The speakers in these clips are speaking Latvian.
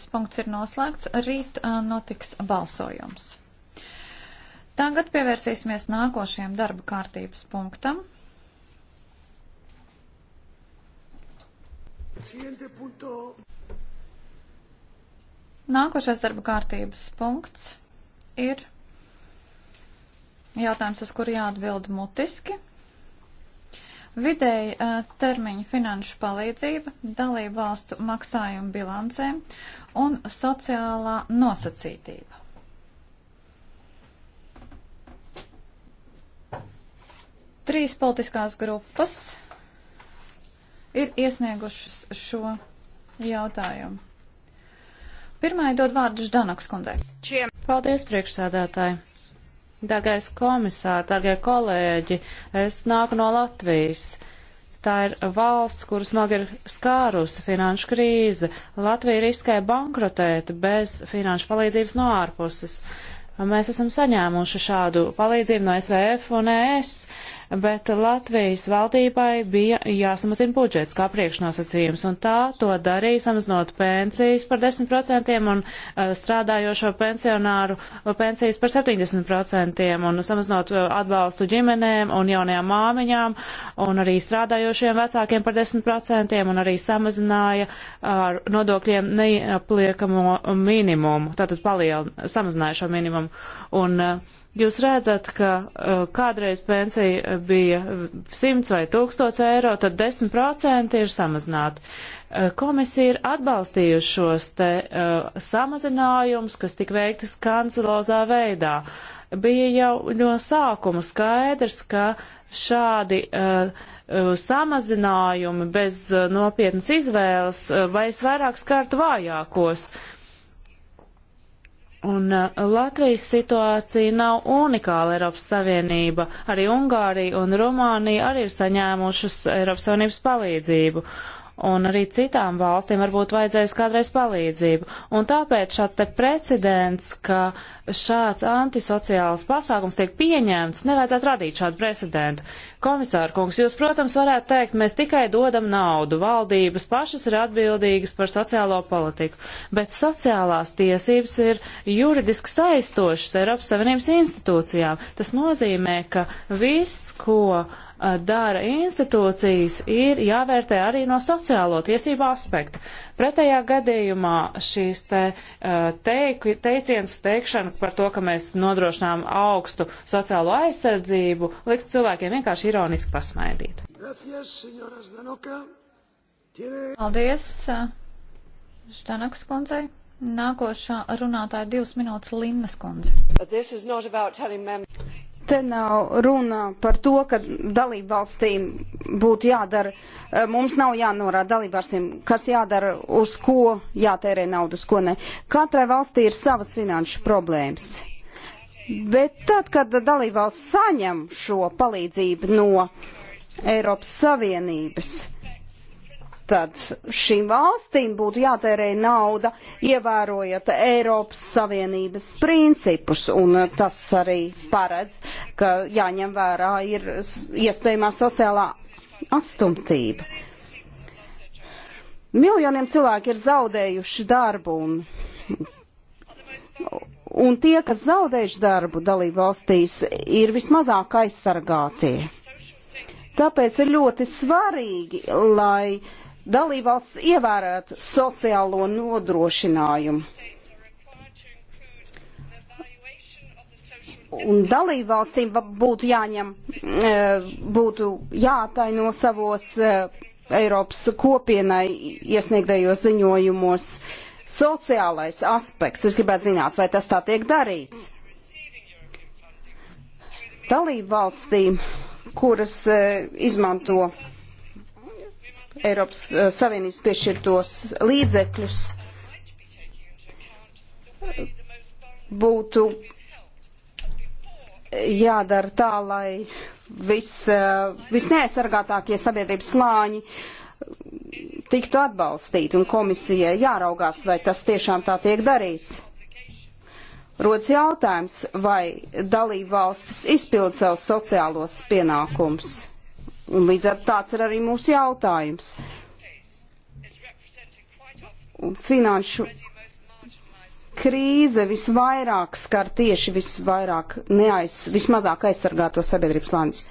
Šis punkts ir noslēgts. Rīt uh, notiks balsojums. Tagad pievērsīsimies nākošajam darba kārtības punktam. Nākošais darba kārtības punkts ir jautājums, uz kuru jāatbild mutiski vidēji uh, termiņa finanšu palīdzība, dalību valstu maksājumu bilancēm un sociālā nosacītība. Trīs politiskās grupas ir iesniegušas šo jautājumu. Pirmai dod vārdu Ždanakas kundzei. Paldies, priekšsēdētāji! Dargais komisār, dargie kolēģi, es nāku no Latvijas. Tā ir valsts, kuru smagi ir skārusi finanšu krīze. Latvija riskē bankrotēt bez finanšu palīdzības no ārpuses. Mēs esam saņēmuši šādu palīdzību no SVF un ES bet Latvijas valdībai bija jāsamazina budžets kā priekšnosacījums, un tā to darīja samazinot pensijas par 10% un eh, strādājošo pensionāru pensijas par 70% un samazinot eh, atbalstu ģimenēm un jaunajām māmiņām un arī strādājošiem vecākiem par 10% un arī samazināja ar nodokļiem neapliekamo minimumu, tātad palielināja, samazināja šo minimumu. Un, uh, Jūs redzat, ka uh, kādreiz pensija bija 100 vai 1000 eiro, tad 10% ir samazināti. Uh, komisija ir atbalstījusi šos te uh, samazinājumus, kas tika veikti skandalozā veidā. Bija jau no sākuma skaidrs, ka šādi uh, uh, samazinājumi bez uh, nopietnas izvēles uh, vai es vairāk skartu vājākos. Uh, Un uh, Latvijas situācija nav unikāla Eiropas Savienība. Arī Ungārija un Rumānija arī ir saņēmušas Eiropas Savienības palīdzību. Uh, un arī citām valstīm varbūt vajadzēs kādreiz palīdzību. Un tāpēc šāds te precedents, ka šāds antisociāls pasākums tiek pieņemts, nevajadzētu radīt šādu precedentu. Komisāra kungs, jūs, protams, varētu teikt, mēs tikai dodam naudu, valdības pašas ir atbildīgas par sociālo politiku, bet sociālās tiesības ir juridiski saistošas Eiropas Savienības institūcijām. Tas nozīmē, ka viss, ko uh, Eh, dara institūcijas, ir jāvērtē arī no sociālo tiesību aspekta. Pretējā gadījumā šīs te, eh, teiku, teiciens teikšana par to, ka mēs nodrošinām augstu sociālo aizsardzību, likt cilvēkiem vienkārši ironiski pasmaidīt. Paldies, Štanakas eh, kundzei. Nākošā runātāja divas minūtes Linnas kundze. Te nav runa par to, ka dalību valstīm būtu jādara, eh, mums nav jānorāda dalību valstīm, kas jādara, uz ko jātērē naudu, uz ko ne. Katrai valstī ir savas finanšu problēmas. Bet tad, kad dalību valsts saņem šo palīdzību no Eiropas Savienības, uh, tad šīm valstīm būtu jātērē nauda, ievērojot Eiropas Savienības principus, un tas arī paredz, ka jāņem vērā ir iespējamā sociālā atstumtība. Miljoniem cilvēki ir zaudējuši darbu, un, un tie, kas zaudējuši darbu dalību valstīs, ir vismazāk aizsargātie. Tāpēc ir ļoti svarīgi, lai uh, dalībvalsts ievērētu sociālo nodrošinājumu. Un dalībvalstīm būtu jāņem, e, būtu jātaino savos e, Eiropas kopienai iesniegtajos ziņojumos sociālais aspekts. Es gribētu zināt, vai tas tā tiek darīts. Dalībvalstīm, kuras e, izmanto Eiropas eh, Savienības piešķirtos līdzekļus būtu jādara tā, lai vis, eh, visneaizsargātākie sabiedrības slāņi tiktu atbalstīti un komisijai jāraugās, vai tas tiešām tā tiek darīts. Rodas jautājums, vai dalība valstis izpild savus sociālos pienākumus. Un līdz ar tāds ir arī mūsu jautājums. Finanšu krīze visvairāk skar tieši visvairāk neaiz, vismazāk aizsargāto sabiedrības lāņus.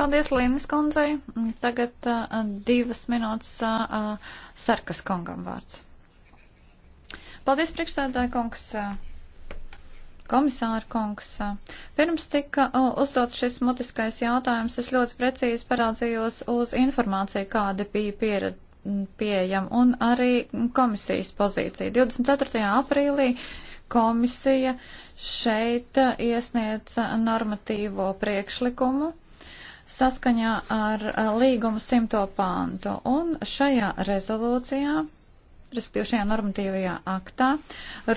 Paldies Līnas kundzei. Tagad uh, divas minūtes uh, Sarkas kungam vārds. Paldies priekšstādāja kungs. Uh, Komisāra kungs, pirms tika uzdots šis mutiskais jautājums, es ļoti precīzi parādzījos uz informāciju, kāda bija pieredze pieejama un arī komisijas pozīcija. 24. aprīlī komisija šeit iesniedz normatīvo priekšlikumu saskaņā ar līgumu simto pāntu. Un šajā rezolūcijā, respektīvi šajā normatīvajā aktā,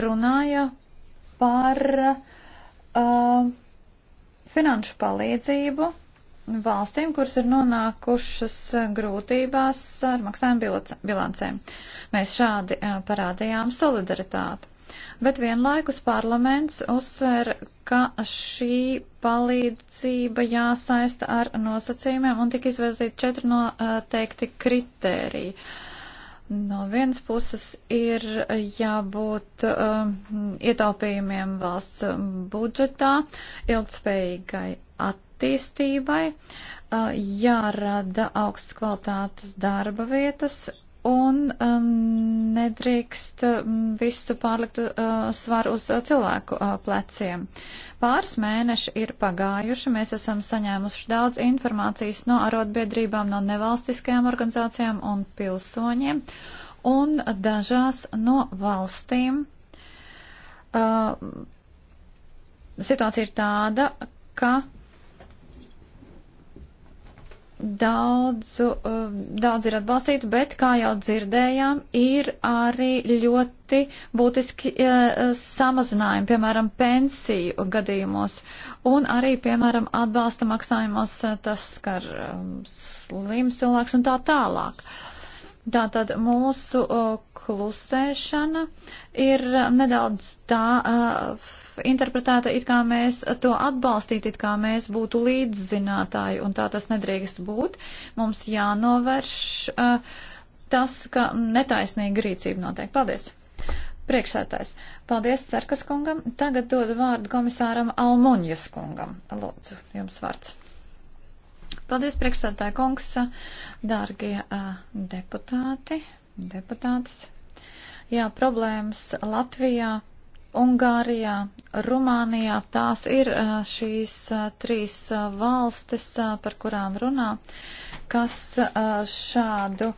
runāja par uh, finanšu palīdzību valstīm, kuras ir nonākušas grūtībās ar maksājumu bilancēm. Mēs šādi uh, parādījām solidaritāti. Bet vienlaikus parlaments uzsver, ka šī palīdzība jāsaista ar nosacījumiem un tika izvēlēti četri noteikti kritēriji. Uh, No vienas puses ir jābūt uh, ietaupījumiem valsts um, budžetā, ilgspējīgai attīstībai, uh, jārada augstas kvalitātes darba vietas un um, nedrīkst um, visu pārlikt uh, svaru uz uh, cilvēku uh, pleciem. Pāris mēneši ir pagājuši, mēs esam saņēmuši daudz informācijas no arotbiedrībām, no nevalstiskajām organizācijām un pilsoņiem, un dažās no valstīm uh, situācija ir tāda, ka daudz, uh, daudz ir atbalstīti, bet, kā jau dzirdējām, ir arī ļoti būtiski uh, samazinājumi, piemēram, pensiju gadījumos, un arī, piemēram, atbalsta maksājumos uh, tas skar um, slims cilvēks un tā tālāk. Uh, Tātad mūsu klusēšana ir nedaudz tā interpretēta, it kā mēs to atbalstītu, it kā mēs būtu līdzzinātāji, un tā tas nedrīkst būt. Mums jānovērš tas, ka netaisnīga rīcība notiek. Paldies! Priekšsētājs. Paldies Cerkas kungam. Tagad dodu vārdu komisāram Almonjas kungam. Lūdzu, jums vārds. Paldies, priekšsādātāja kungs, dārgie deputāti, deputātis. Jā, problēmas Latvijā, Ungārijā, Rumānijā, tās ir šīs trīs valstis, par kurām runā, kas šādu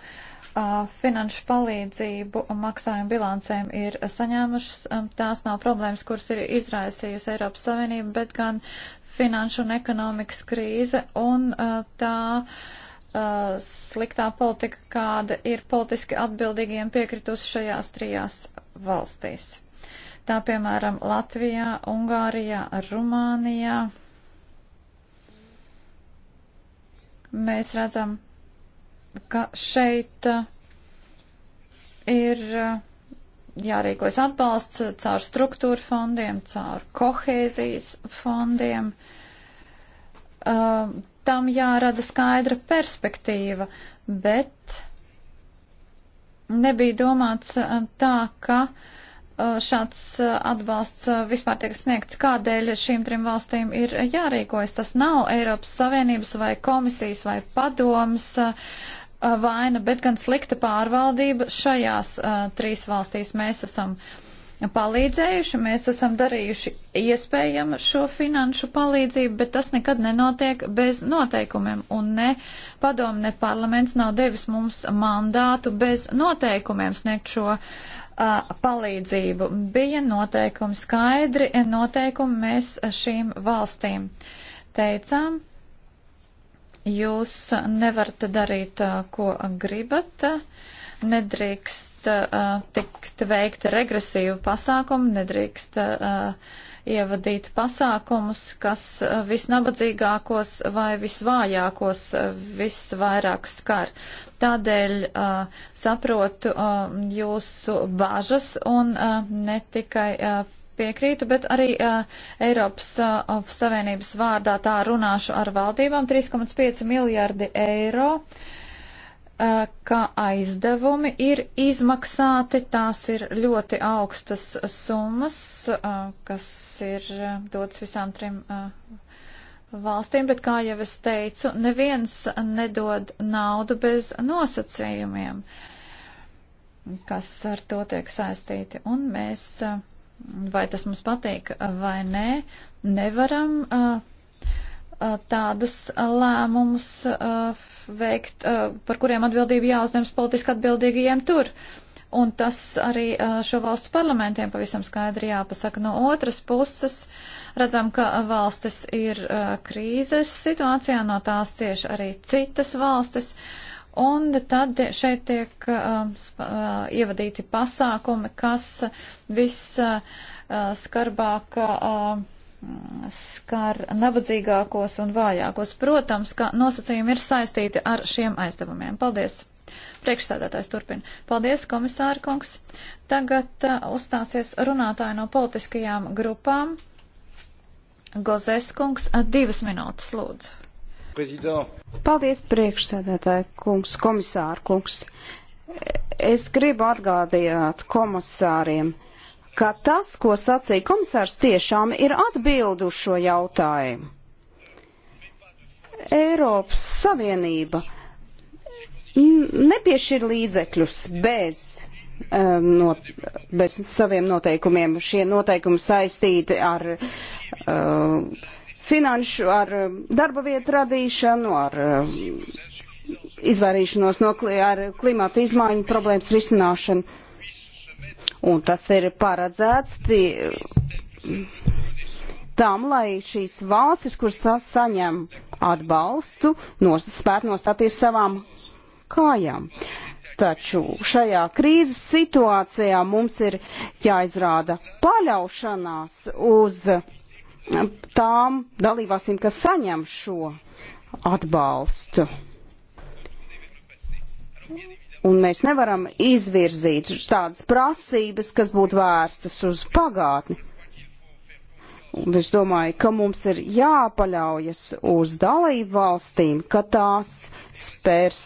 finanšu palīdzību un maksājumu bilancēm ir saņēmušas. Tās nav problēmas, kuras ir izraisījusi Eiropas Savienība, bet gan finanšu un ekonomikas krīze un uh, tā uh, sliktā politika, kāda ir politiski atbildīgiem piekritusi šajās trijās valstīs. Tā piemēram Latvijā, Ungārijā, Rumānijā. Mēs redzam, ka šeit uh, ir uh, jārīkojas atbalsts caur struktūra fondiem, caur kohēzijas fondiem. Uh, tam jārada skaidra perspektīva, bet nebija domāts uh, tā, ka uh, šāds uh, atbalsts vispār tiek sniegts. Kādēļ šīm trim valstīm ir jārīkojas? Tas nav Eiropas Savienības vai komisijas vai padomas uh, Uh, vaina, bet gan slikta pārvaldība šajās uh, trīs valstīs. Mēs esam palīdzējuši, mēs esam darījuši iespējamu šo finanšu palīdzību, bet tas nekad nenotiek bez noteikumiem. Un ne padomu, ne parlaments nav devis mums mandātu bez noteikumiem sniegt šo uh, palīdzību. Bija noteikumi skaidri, noteikumi mēs šīm valstīm teicām Jūs nevarat darīt, ko gribat, nedrīkst tikt veikta regresīva pasākuma, nedrīkst ievadīt pasākumus, kas visnabadzīgākos vai visvājākos visvairāk skar. Tādēļ saprotu jūsu bažas un ne tikai piekrītu, bet arī uh, Eiropas uh, Savienības vārdā tā runāšu ar valdībām. 3,5 miljardi eiro, uh, kā aizdevumi, ir izmaksāti. Tās ir ļoti augstas summas, uh, kas ir uh, dots visām trim. Uh, valstīm, bet kā jau es teicu, neviens nedod naudu bez nosacījumiem, kas ar to tiek saistīti. Un mēs uh, vai tas mums patīk vai nē, nevaram tādus lēmumus veikt, par kuriem atbildība jāuzņems politiski atbildīgajiem tur. Un tas arī šo valstu parlamentiem pavisam skaidri jāpasaka. No otras puses, redzam, ka valstis ir krīzes situācijā, no tās cieši arī citas valstis. Uh, Un tad šeit tiek uh, uh ievadīti pasākumi, kas visskarbāk uh, uh, skar nabadzīgākos un vājākos. Protams, ka nosacījumi ir saistīti ar šiem aizdevumiem. Paldies! Priekšsēdētājs turpina. Paldies, komisāra kungs. Tagad uh, uzstāsies runātāji no politiskajām grupām. Gozes kungs, uh, divas minūtes lūdzu. Paldies, priekšsēdētāji, kungs, komisāra kungs. Es gribu atgādināt komisāriem, ka tas, ko sacīja komisārs, tiešām ir atbildu šo jautājumu. Eiropas Savienība nepiešķir līdzekļus bez, um, no, bez saviem noteikumiem. Šie noteikumi saistīti ar uh, um, finanšu, ar um, darba vietu radīšanu, ar um, izvairīšanos no kli, ar klimata izmaiņu problēmas risināšanu. Un tas ir paredzēts tie, tam, lai šīs valstis, kuras saņem atbalstu, nos, spētu nostāties savām kājām. Taču šajā krīzes situācijā mums ir jāizrāda paļaušanās uz uh, tām dalībvalstīm, kas saņem šo atbalstu. Un mēs nevaram izvirzīt tādas prasības, kas būtu vērstas uz pagātni. Un es domāju, ka mums ir jāpaļaujas uz dalību valstīm, ka tās spērs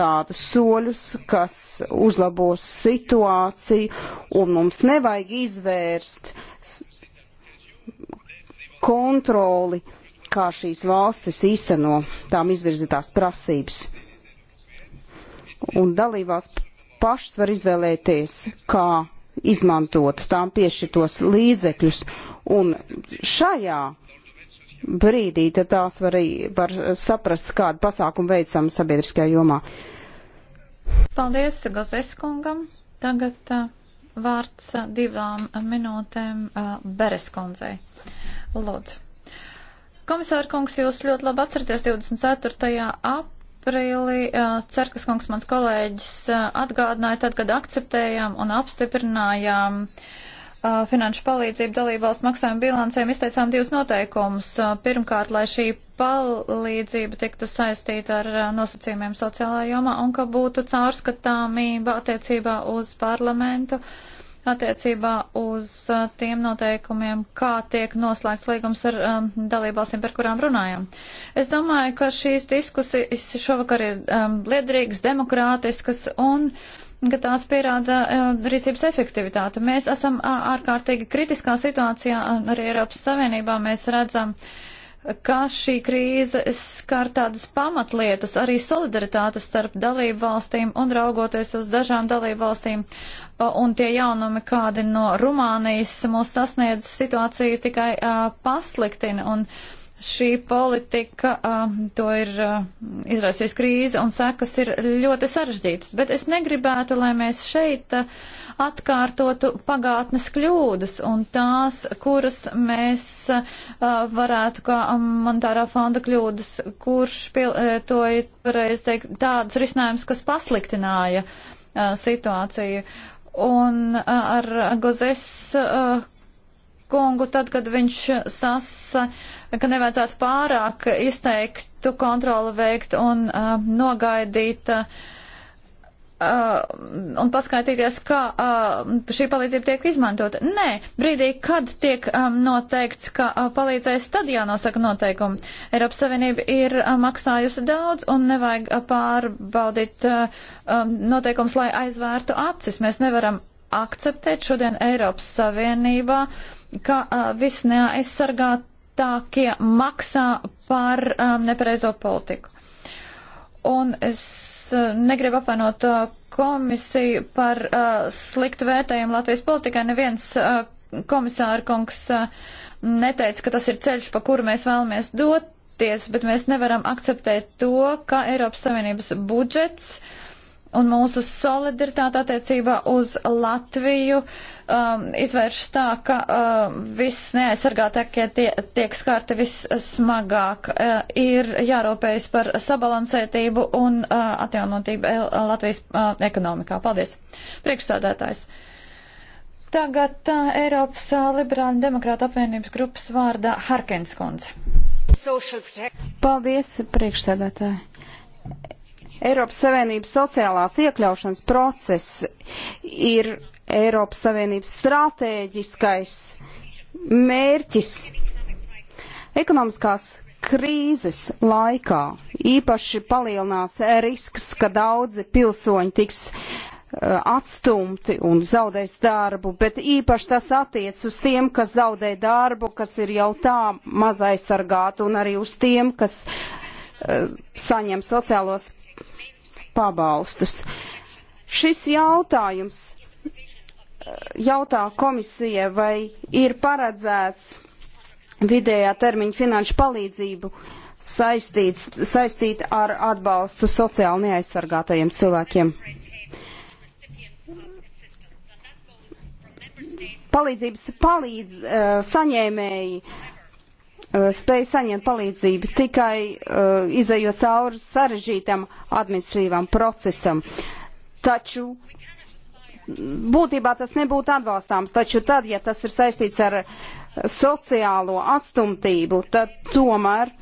tādus soļus, kas uzlabos situāciju, un mums nevajag izvērst kontroli, kā šīs valstis īsteno tām izvirzītās prasības. Un dalībās pašas var izvēlēties, kā izmantot tām piešķirtos līdzekļus. Un šajā brīdī tad tās var, var saprast, kādu pasākumu veicam sabiedriskajā jomā. Paldies Gozes kungam. Tagad uh, vārds uh, divām minūtēm uh, Beres kundzei. Uh, Lūdzu. Komisāra kungs, jūs ļoti labi atceraties 24. aprīlī. Cerkas kungs, mans kolēģis, atgādināja tad, kad akceptējām un apstiprinājām finanšu palīdzību dalībvalstu maksājumu bilancēm, izteicām divus noteikumus. Pirmkārt, lai šī palīdzība tiktu saistīta ar nosacījumiem sociālā jomā un ka būtu caurskatāmība attiecībā uz parlamentu. Uh, attiecībā uz uh, tiem noteikumiem, kā tiek noslēgts līgums ar um, dalībvalstīm, par kurām runājam. Es domāju, ka šīs diskusijas šovakar ir um, liederīgas, demokrātiskas un ka tās pierāda uh, rīcības efektivitāte. Mēs esam uh, ārkārtīgi kritiskā situācijā, arī Eiropas Savienībā mēs redzam, ka šī krīze skar tādas pamatlietas, arī solidaritātes starp dalību valstīm un raugoties uz dažām dalību valstīm un tie jaunumi, kādi no Rumānijas mūs sasniedz, situāciju tikai uh, pasliktina. Un šī politika, uh, to ir uh, izraisījusi krīze un sekas ir ļoti sarežģītas. Bet es negribētu, lai mēs šeit uh, atkārtotu pagātnes kļūdas un tās, kuras mēs uh, varētu kā monetārā fonda kļūdas, kurš pielietoja, varēs teikt, tādus risinājumus, kas pasliktināja uh, situāciju. Uh, Un ar Gozes kungu, tad, kad viņš sasa, ka nevajadzētu pārāk izteiktu kontroli veikt un nogaidīt. Uh, Uh, un paskaitīties, kā uh, šī palīdzība tiek izmantota. Nē, brīdī, kad tiek um, noteikts, ka uh, palīdzēs, tad jānosaka noteikumi. Eiropas Savienība ir maksājusi daudz un nevajag pārbaudīt um, noteikums, lai aizvērtu acis. Mēs nevaram akceptēt šodien Eiropas Savienībā, ka viss neaizsargātākie maksā par um, nepareizo politiku. Un es Eh, negribu apvainot eh, komisiju par uh, sliktu vērtējumu Latvijas politikai. Neviens uh, komisāra kungs uh, neteica, ka tas ir ceļš, pa kuru mēs vēlamies doties, bet mēs nevaram akceptēt to, ka Eiropas Savienības budžets uh, un mūsu solidaritāte attiecībā uz Latviju um, izvērš tā, ka uh, viss neaizsargātākie tie, tiek skārti vissmagāk. Uh, ir jārūpējas par sabalansētību un uh, atjaunotību uh, Latvijas uh, ekonomikā. Paldies. Priekšsādātājs. Tagad uh, Eiropas uh, Liberāļu demokrāta apvienības grupas vārdā Harkins kundze. Paldies, priekšsēdētāji Eiropas Savienības sociālās iekļaušanas process ir Eiropas Savienības stratēģiskais mērķis ekonomiskās krīzes laikā. Īpaši palielinās risks, ka daudzi pilsoņi tiks eh, atstumti un zaudēs darbu, bet īpaši tas attiec uz tiem, kas zaudē darbu, kas ir jau tā mazaisargāti, un arī uz tiem, kas uh, saņem sociālos pabalstus. Šis jautājums jautā komisija, vai ir paredzēts vidējā termiņa finanšu palīdzību saistīts, saistīt ar atbalstu sociāli neaizsargātajiem cilvēkiem. Palīdzības palīdz, eh, saņēmēji Uh, spēja saņemt palīdzību tikai uh, izējot cauri sarežģītam administrīvam procesam. Taču būtībā tas nebūtu atbalstāms, taču tad, ja tas ir saistīts ar sociālo atstumtību, tad tomēr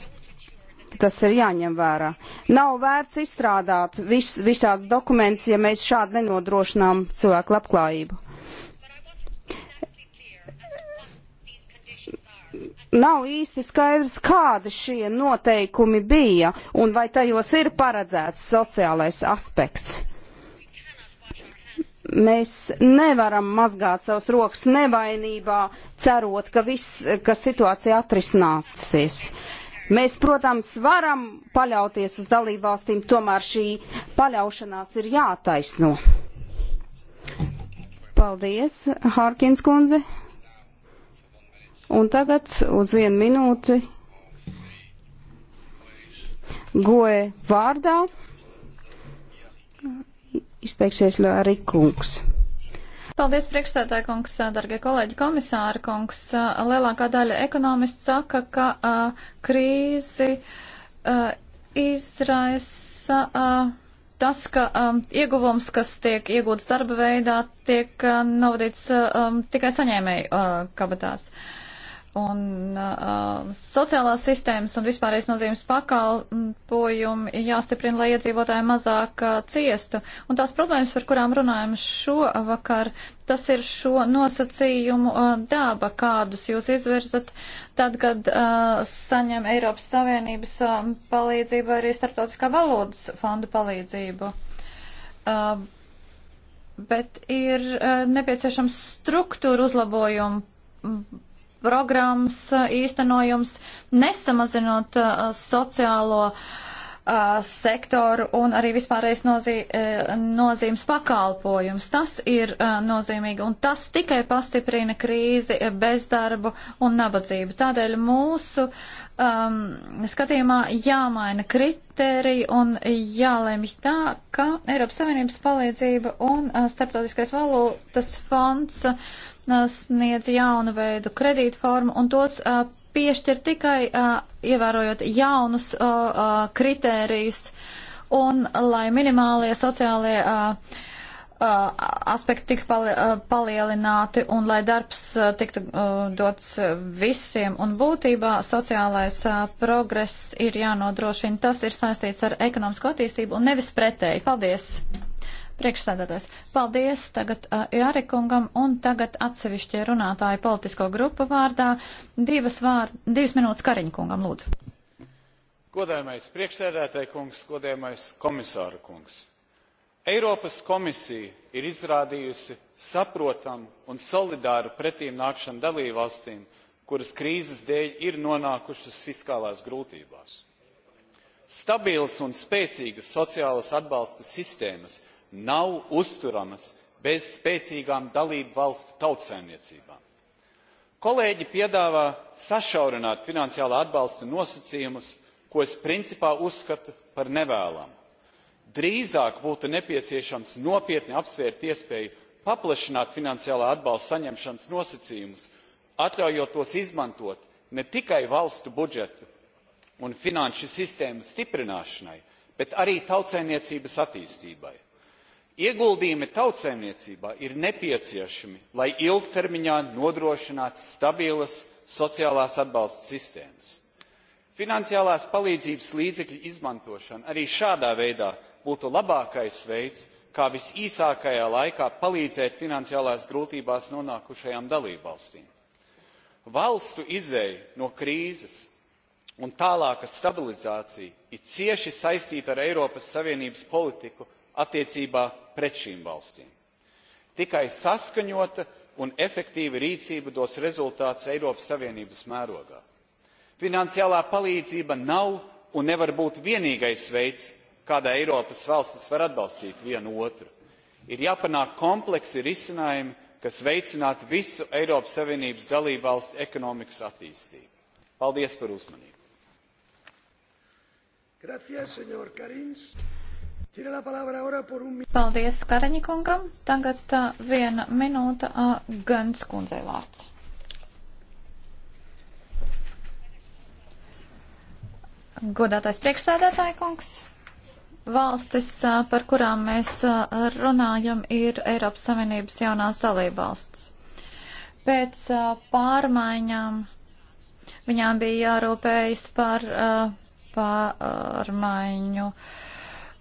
tas ir jāņem vērā. Nav vērts izstrādāt vis, visāds dokuments, ja mēs šādi nenodrošinām cilvēku labklājību. nav īsti skaidrs, kādi šie noteikumi bija un vai tajos ir paredzēts sociālais aspekts. Mēs nevaram mazgāt savus rokas nevainībā, cerot, ka viss, ka situācija atrisināsies. Mēs, protams, varam paļauties uz dalībvalstīm, tomēr šī paļaušanās ir jātaisno. Paldies, Hārkins kundze. Un tagad uz vienu minūti goe vārdā izteiksies arī kungs. Paldies, priekšstādāja kungs, dargie kolēģi, komisāri kungs. Lielākā daļa ekonomistu saka, ka a, krīzi a, izraisa a, tas, ka a, ieguvums, kas tiek iegūts darba veidā, tiek a, novadīts a, a, tikai saņēmēju a, kabatās. A, un uh, sociālās sistēmas un vispārējais nozīmes pakalpojumi jāstiprina, lai iedzīvotāji mazāk uh, ciestu. Un tās problēmas, par kurām runājam šovakar, tas ir šo nosacījumu uh, daba, kādus jūs izvirzat tad, kad uh, saņem Eiropas Savienības uh, palīdzību vai arī Startautiskā valodas fonda palīdzību. Uh, bet ir uh, nepieciešams struktūra uzlabojumu programmas uh, īstenojums, nesamazinot uh, sociālo uh, sektoru un arī vispārreiz nozī, nozīmes pakalpojums. Tas ir nozīmīgi un tas tikai pastiprina krīzi, bezdarbu un nabadzību. Tādēļ mūsu um, skatījumā jāmaina kriteriji un jālemj tā, ka Eiropas Savienības palīdzība un Starptautiskais valūtas fonds uh, sniedz jaunu veidu kredītu formu un tos uh, piešķir tikai uh, ievērojot jaunus uh, uh, kritērijus un lai minimālie sociālie uh, aspekti tika pali, palielināti un lai darbs tiktu dots visiem. Un būtībā sociālais progress ir jānodrošina. Tas ir saistīts ar ekonomisko attīstību un nevis pretēji. Paldies! Priekšstādātājs, paldies tagad uh, Jārikungam un tagad atsevišķie runātāji politisko grupu vārdā. Divas, vār, divas minūtes Kariņkungam, lūdzu. Godājumais priekšsēdētāji kungs, godājumais komisāra kungs. Eiropas komisija ir izrādījusi saprotamu un solidāru pretīm nākšanu dalībvalstīm, kuras krīzes dēļ ir nonākušas fiskālās grūtībās. Stabilas un spēcīgas sociālas atbalsta sistēmas nav uzturamas bez spēcīgām dalību valstu tautsaimniecībām. Kolēģi piedāvā sašaurināt finansiālā atbalsta nosacījumus, ko es principā uzskatu par nevēlamu. Drīzāk būtu nepieciešams nopietni apsvērt iespēju paplašināt finansiālā atbalsta saņemšanas nosacījumus, atļaujot tos izmantot ne tikai valstu budžetu un finanšu sistēmu stiprināšanai, bet arī tautsaimniecības attīstībai. Ieguldījumi tautsēmniecībā ir nepieciešami, lai ilgtermiņā nodrošinātu stabilas sociālās atbalsta sistēmas. Finansiālās palīdzības līdzekļu izmantošana arī šādā veidā būtu labākais veids, kā visīsākajā laikā palīdzēt finansiālās grūtībās nonākušajām dalībvalstīm. Valstu izēja no krīzes un tālāka stabilizācija ir cieši saistīta ar Eiropas Savienības politiku attiecībā pret šīm valstīm. tikai saskaņota un efektīva rīcība dos rezultātus eiropas savienības mērogā. finansiālā palīdzība nav un nevar būt vienīgais veids kādā eiropas valstis var atbalstīt viena otru. ir jāpanāk kompleksi risinājumi kas veicinātu visu eiropas savienības dalībvalstu ekonomikas attīstību. paldies par uzmanību! Gracias, Paldies Karaņikungam. Tagad uh, viena minūte uh, Gans kundzei vārds. Godātais priekšsēdētāji kungs, valstis, uh, par kurām mēs uh, runājam, ir Eiropas Savienības jaunās dalībvalstis. Pēc uh, pārmaiņām viņām bija jārūpējas par pārmaiņu. Uh,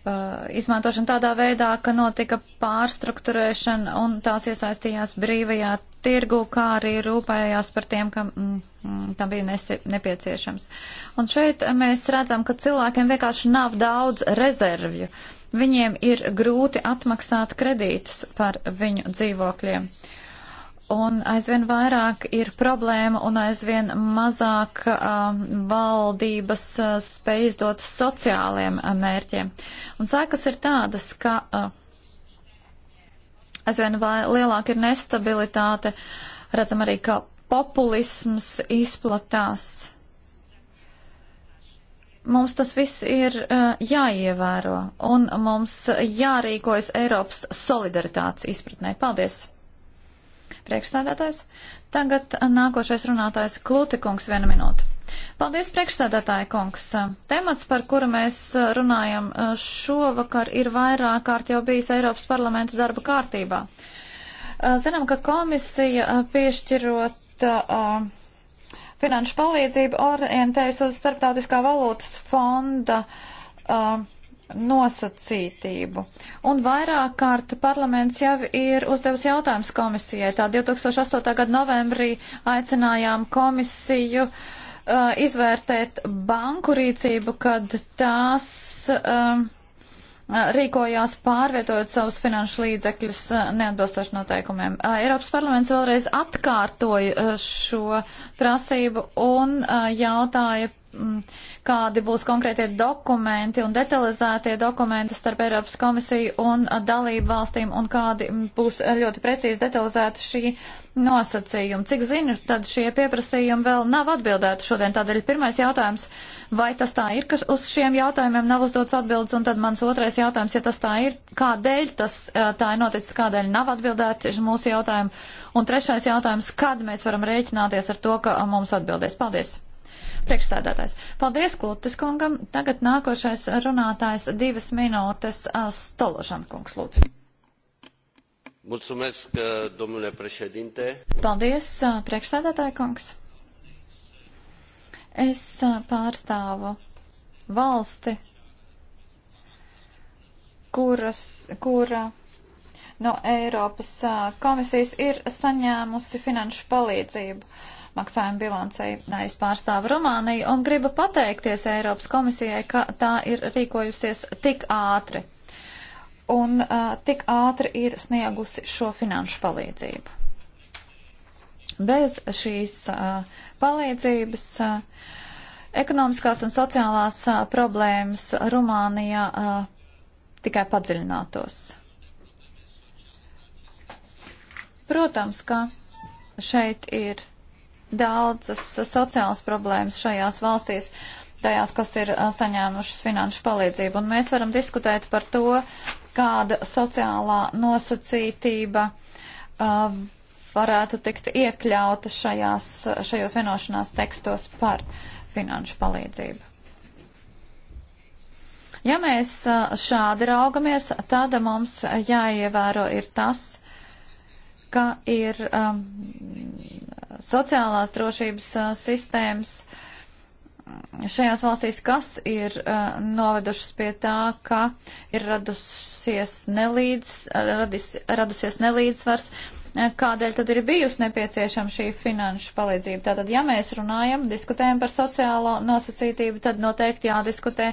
Uh, izmantošana tādā veidā, ka notika pārstruktūrēšana un tās iesaistījās brīvajā tirgu, kā arī rūpējās par tiem, kam mm, mm, tam bija nesi, nepieciešams. Un šeit mēs redzam, ka cilvēkiem vienkārši nav daudz rezervju. Viņiem ir grūti atmaksāt kredītus par viņu dzīvokļiem. Uh, Un aizvien vairāk ir problēma un aizvien mazāk um, valdības uh, spēj izdot sociāliem uh, mērķiem. Un sākas ir tādas, ka uh, aizvien lielāka ir nestabilitāte, redzam arī, ka populisms izplatās. Mums tas viss ir uh, jāievēro un mums uh, jārīkojas Eiropas solidaritātes izpratnē. Paldies! Priekšstādātājs. Tagad nākošais runātājs Klutikungs viena minūte. Paldies, priekšstādātāja kungs. Temats, par kuru mēs runājam šovakar, ir vairāk kārt jau bijis Eiropas parlamenta darba kārtībā. Zinām, ka komisija piešķirot finanšu palīdzību orientējas uz starptautiskā valūtas fonda uh, nosacītību. Un vairāk kārt parlaments jau ir uzdevis jautājums komisijai. Tā 2008. gada novembrī aicinājām komisiju uh, izvērtēt banku rīcību, kad tās uh, rīkojās pārvietojot savus finanšu līdzekļus uh, neatbilstoši noteikumiem. Uh, Eiropas parlaments vēlreiz atkārtoja uh, šo prasību un jautāja Mm, kādi būs konkrētie dokumenti un detalizētie dokumenti starp Eiropas komisiju un dalību valstīm un kādi būs ļoti precīzi detalizēti šī nosacījumi. Cik zinu, tad šie pieprasījumi vēl nav atbildēti šodien. Tādēļ pirmais jautājums, vai tas tā ir, ka uz šiem jautājumiem nav uzdots atbildes, un tad mans otrais jautājums, ja tas tā ir, kādēļ tas eh, tā ir noticis, kādēļ nav atbildēti mūsu jautājumi. Un trešais jautājums, kad mēs varam rēķināties ar to, ka mums atbildēs. Paldies! Priekšstādātājs. Paldies Klutis kungam. Tagad nākošais runātājs divas minūtes Stoložan kungs lūdzu. Mulțumesc, domnule președinte. Paldies, priekšstādātāja kungs. Es pārstāvu valsti, kuras, kura no Eiropas komisijas ir saņēmusi finanšu palīdzību. Uh, maksājumu bilancei. Es pārstāvu Rumāniju un gribu pateikties Eiropas komisijai, ka tā ir rīkojusies tik ātri un uh, tik ātri ir sniegusi šo finanšu palīdzību. Bez šīs uh, palīdzības uh, ekonomiskās un sociālās uh, problēmas Rumānijā uh, tikai padziļinātos. Protams, ka šeit ir daudzas sociālas problēmas šajās valstīs, tajās, kas ir saņēmušas finanšu palīdzību. Un mēs varam diskutēt par to, kāda sociālā nosacītība uh, varētu tikt iekļauta šajās, šajos vienošanās tekstos par finanšu palīdzību. Ja mēs šādi raugamies, tad mums jāievēro ir tas, ka ir um, sociālās drošības uh, sistēmas šajās valstīs, kas ir uh, novedušas pie tā, ka ir radusies, nelīdz, radis, radusies nelīdzsvars, kādēļ tad ir bijusi nepieciešama šī finanšu palīdzība. Tātad, ja mēs runājam, diskutējam par sociālo nosacītību, tad noteikti jādiskutē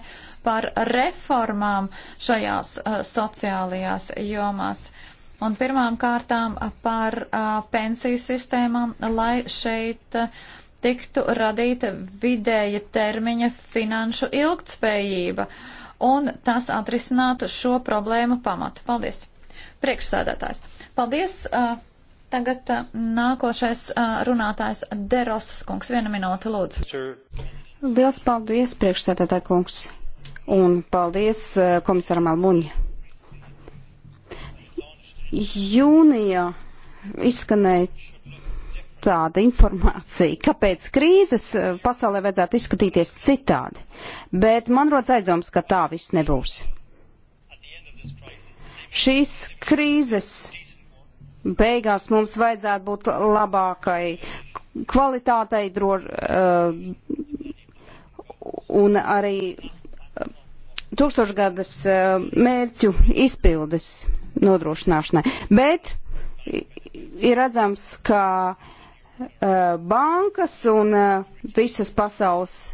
par reformām šajās uh, sociālajās jomās. Un pirmām kārtām par uh, pensiju sistēmām, lai šeit uh, tiktu radīta vidēja termiņa finanšu ilgtspējība. Un tas atrisinātu šo problēmu pamatu. Paldies. Priekšsēdētājs. Paldies. Uh, tagad uh, nākošais uh, runātājs Derosas kungs. Viena minūte, lūdzu. Liels paldies, priekšsēdētāj kungs. Un paldies komisaram Almuņa Jūnijā izskanēja tāda informācija, ka pēc krīzes eh, pasaulē vajadzētu izskatīties citādi, bet man rodas aizdoms, ka tā viss nebūs. Šīs krīzes beigās mums vajadzētu būt labākai kvalitātei drož, uh, eh, un arī eh, tūkstošgadas uh, mērķu izpildes nodrošināšanai. Bet ir redzams, ka e, bankas un e, visas pasaules e,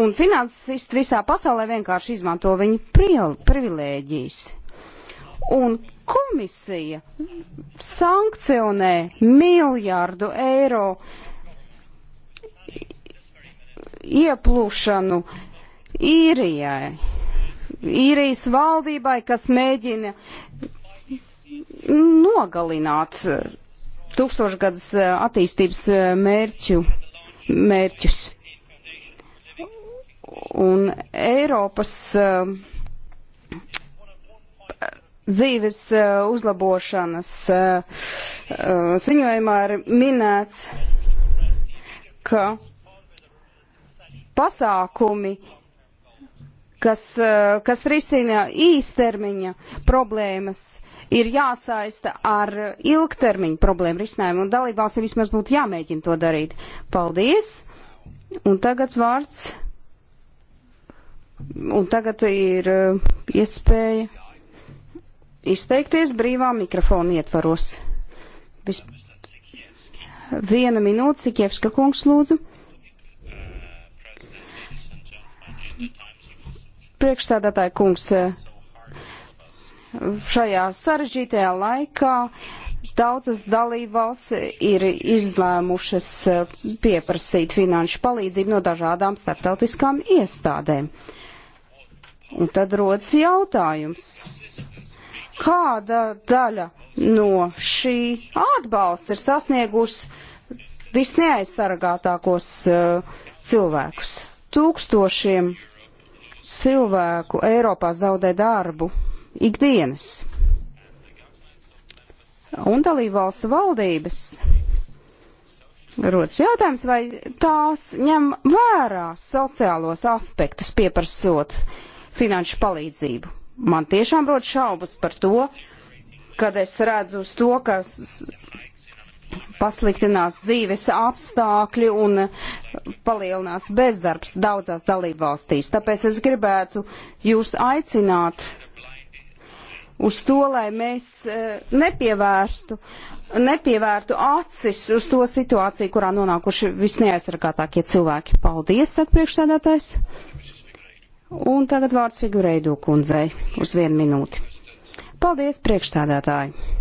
un finansisti visā pasaulē vienkārši izmanto viņu privilēģijas. Un komisija sankcionē miljārdu eiro ieplūšanu īrijai īrijas valdībai, kas mēģina nogalināt tūkstošgadus eh, attīstības eh, mērķu, mērķus. Un Eiropas eh, dzīves uzlabošanas ziņojumā ir minēts, ka pasākumi kas, eh, kas risina īstermiņa problēmas, ir jāsaista ar ilgtermiņa problēmu risinājumu, un dalībvalstīm vismaz būtu jāmēģina to darīt. Paldies! Un tagad vārds. Un tagad ir eh, iespēja izteikties brīvā mikrofona ietvaros. Vis... Viena minūte, Sikievska kungs lūdzu. priekšsēdētāja kungs, šajā sarežģītajā laikā daudzas dalībvalsts ir izlēmušas eh, pieprasīt finanšu palīdzību no dažādām starptautiskām iestādēm. Un tad rodas jautājums, kāda daļa no šī atbalsta ir sasniegusi visneaizsargātākos uh, cilvēkus? Tūkstošiem cilvēku Eiropā zaudē darbu ikdienas. Un dalībvalstu valdības rodas jautājums, vai tās ņem vērā sociālos aspektus pieprasot finanšu palīdzību. Man tiešām rod šaubas par to, kad es redzu uz to, ka pasliktinās dzīves apstākļi un palielinās bezdarbs daudzās dalībvalstīs. Tāpēc es gribētu jūs aicināt uz to, lai mēs eh, nepievērstu, nepievērtu acis uz to situāciju, kurā nonākuši visneaizsargātākie cilvēki. Paldies, saka priekšsēdētājs. Un tagad vārds figurēdu kundzei uz vienu minūti. Paldies, priekšsēdētāji!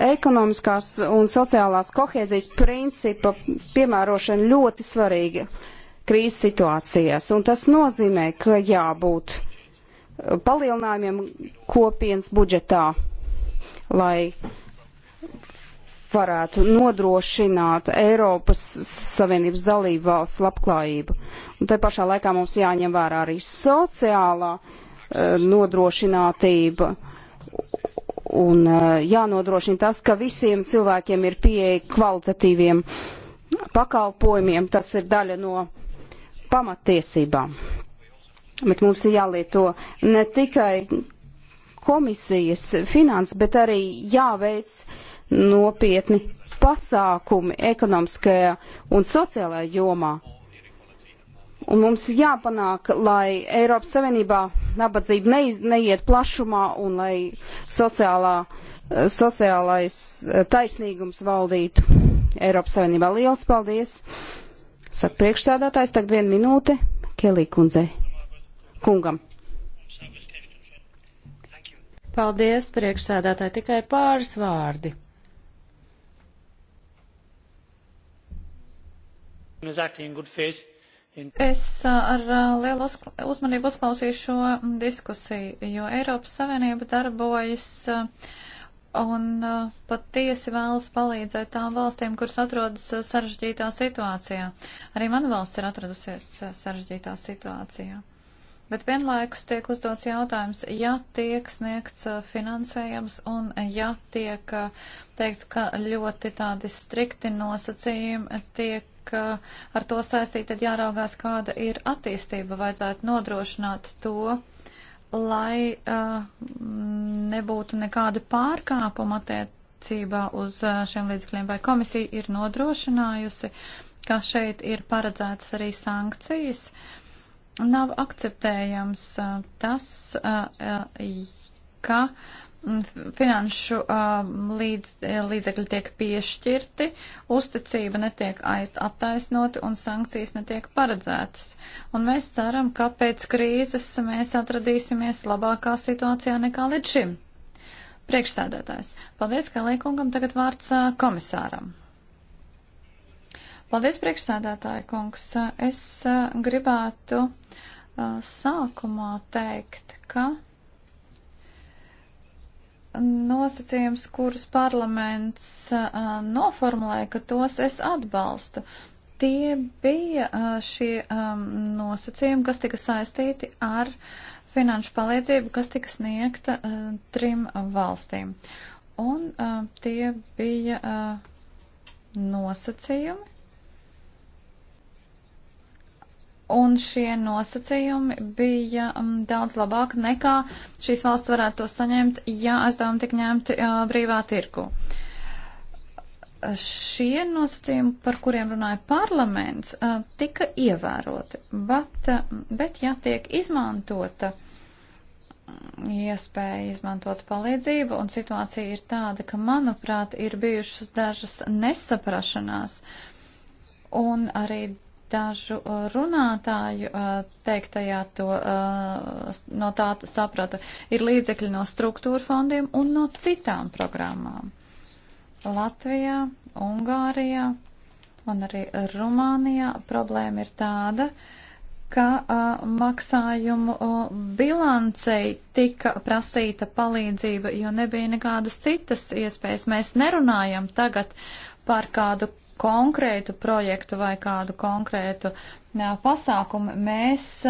ekonomiskās un sociālās kohēzijas principa piemērošana ļoti svarīga krīzes situācijās. Un tas nozīmē, ka jābūt palielinājumiem kopienas budžetā, lai varētu nodrošināt Eiropas Savienības dalību valsts labklājību. Un te pašā laikā mums jāņem vērā arī sociālā uh, nodrošinātība. Uh, un uh, jānodrošina tas, ka visiem cilvēkiem ir pieeja kvalitatīviem pakalpojumiem. Tas ir daļa no pamatiesībām. Bet mums ir jālieto ne tikai komisijas finanses, bet arī jāveic nopietni pasākumi ekonomiskajā un sociālajā jomā. Un mums jāpanāk, lai Eiropas Savienībā nabadzība neiz, neiet plašumā un lai sociālā, eh, sociālais eh, taisnīgums valdītu Eiropas Savienībā. Liels paldies! Saka priekšsēdētājs, tagad viena minūte Kelī kundzei. Kungam. Paldies, priekšsēdētāji, tikai pāris vārdi. Exactly in good faith Es ar lielu uzmanību uzklausīju šo diskusiju, jo Eiropas Savienība darbojas un patiesi vēlas palīdzēt tām valstīm, kuras atrodas sarežģītā situācijā. Arī mana valsts ir atradusies sarežģītā situācijā. Bet vienlaikus tiek uzdots jautājums, ja tiek sniegts finansējums un ja tiek teikts, ka ļoti tādi strikti nosacījumi tiek ar to saistīta, tad jāraugās, kāda ir attīstība. Vajadzētu nodrošināt to, lai uh, nebūtu nekāda pārkāpuma attiecībā uz uh, šiem līdzekļiem. Vai komisija ir nodrošinājusi, ka šeit ir paredzētas arī sankcijas? Nav akceptējams uh, tas, ka Mm, finanšu um, līdz, eh, līdzekļi tiek piešķirti, uzticība netiek attaisnota un sankcijas netiek paredzētas. Un mēs ceram, ka pēc krīzes mēs atradīsimies labākā situācijā nekā līdz šim. Priekšsēdētājs, paldies Kalīkungam, tagad vārds eh, komisāram. Paldies, priekšsēdētāja kungs. Es eh, gribētu sākumā teikt, ka nosacījums, kurus parlaments uh, noformulēja, ka tos es atbalstu. Tie bija uh, šie um, nosacījumi, kas tika saistīti ar finanšu palīdzību, kas tika sniegta uh, trim valstīm. Un uh, tie bija uh, nosacījumi, Un šie nosacījumi bija um, daudz labāk nekā šīs valsts varētu to saņemt, ja aizdevumi tik ņemti uh, brīvā tirku. Šie nosacījumi, par kuriem runāja parlaments, uh, tika ievēroti, bet, uh, mm, bet ja tiek izmantota uh, iespēja izmantot palīdzību, un situācija ir tāda, ka, manuprāt, ir bijušas dažas nesaprašanās un arī dažu uh, runātāju uh, teiktajā to uh, no tā sapratu, ir līdzekļi no struktūra fondiem un no citām programmām. Latvijā, Ungārijā un arī Rumānijā problēma ir tāda, ka maksājumu bilancei tika prasīta palīdzība, jo nebija nekādas citas iespējas. Mēs nerunājam tagad par kādu konkrētu projektu vai kādu konkrētu pasākumu, mēs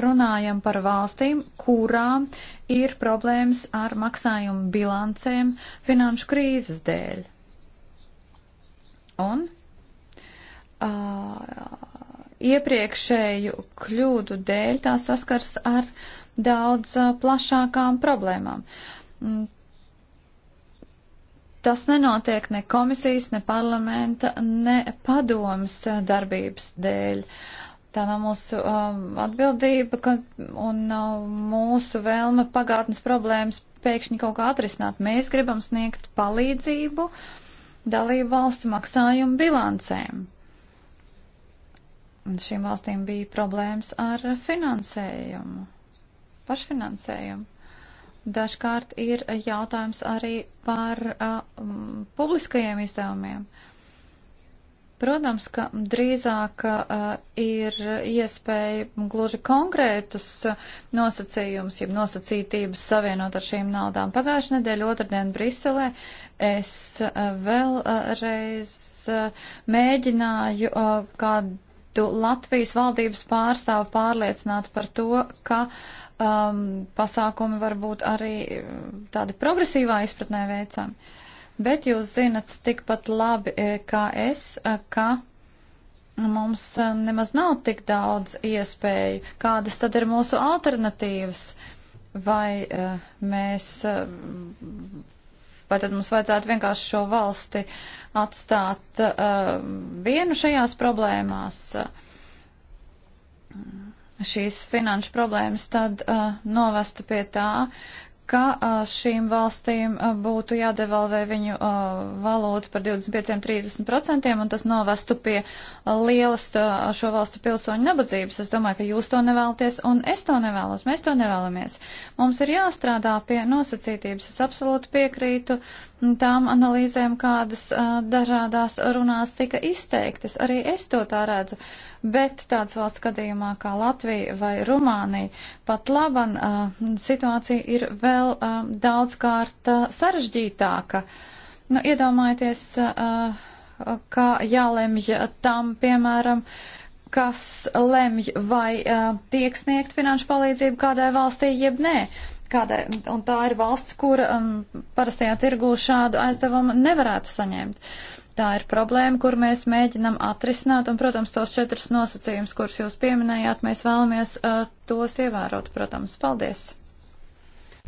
runājam par valstīm, kurām ir problēmas ar maksājumu bilancēm finanšu krīzes dēļ. Un uh, iepriekšēju kļūdu dēļ tā saskars ar daudz plašākām problēmām mm, Tas nenotiek ne komisijas, ne parlamenta, ne padomas eh, darbības dēļ. Tā nav mūsu um, atbildība ka, un nav mūsu vēlme pagātnes problēmas pēkšņi kaut kā atrisināt. Mēs gribam sniegt palīdzību dalību valstu maksājumu bilancēm. Un šīm valstīm bija problēmas ar finansējumu, pašfinansējumu. Dažkārt ir jautājums arī par uh, publiskajiem izdevumiem. Protams, ka drīzāk uh, ir iespēja gluži konkrētus nosacījumus, jeb nosacītības savienot ar šīm naudām. Pagājušajā nedēļā otrdien Briselē es uh, vēlreiz uh, mēģināju uh, kādu Latvijas valdības pārstāvu pārliecināt par to, ka uh, um, pasākumi var būt arī um, tādi progresīvā izpratnē veicami. Bet jūs zinat tikpat labi eh, kā es, eh, ka mums eh, nemaz nav tik daudz iespēju. Kādas tad ir mūsu alternatīvas? Vai uh, mēs, uh, vai tad mums vajadzētu vienkārši šo valsti atstāt uh, vienu šajās problēmās? Uh, šīs finanšu problēmas tad uh, novestu pie tā, ka šīm valstīm būtu jādevalvē viņu valūtu par 25-30%, un tas novestu pie lielas šo valstu pilsoņu nabadzības. Es domāju, ka jūs to nevēlaties, un es to nevēlos, mēs to nevēlamies. Mums ir jāstrādā pie nosacītības. Es absolūti piekrītu tām analīzēm, kādas dažādās runās tika izteiktas. Arī es to tā redzu. Bet tāds valsts gadījumā kā Latvija vai Rumānija, pat laban situācija ir vēl vēl um, daudzkārt uh, sarežģītāka. Nu, iedomājieties, uh, kā jālemj tam, piemēram, kas lemj, vai uh, tiek sniegt finanšu palīdzību kādai valstī, jeb nē. Kādai, un tā ir valsts, kur um, parastajā tirgū šādu aizdevumu nevarētu saņemt. Tā ir problēma, kur mēs mēģinam atrisināt, un, protams, tos četrus nosacījumus, kurus jūs pieminējāt, mēs vēlamies uh, tos ievērot, protams. Paldies!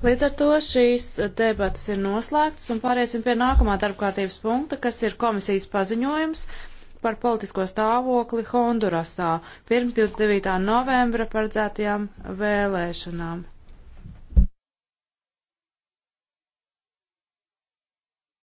Līdz ar to šīs debatas ir noslēgtas un pāriesim pie nākamā darbkārtības punkta, kas ir komisijas paziņojums par politisko stāvokli Hondurasā pirms 29. novembra paredzētajām vēlēšanām.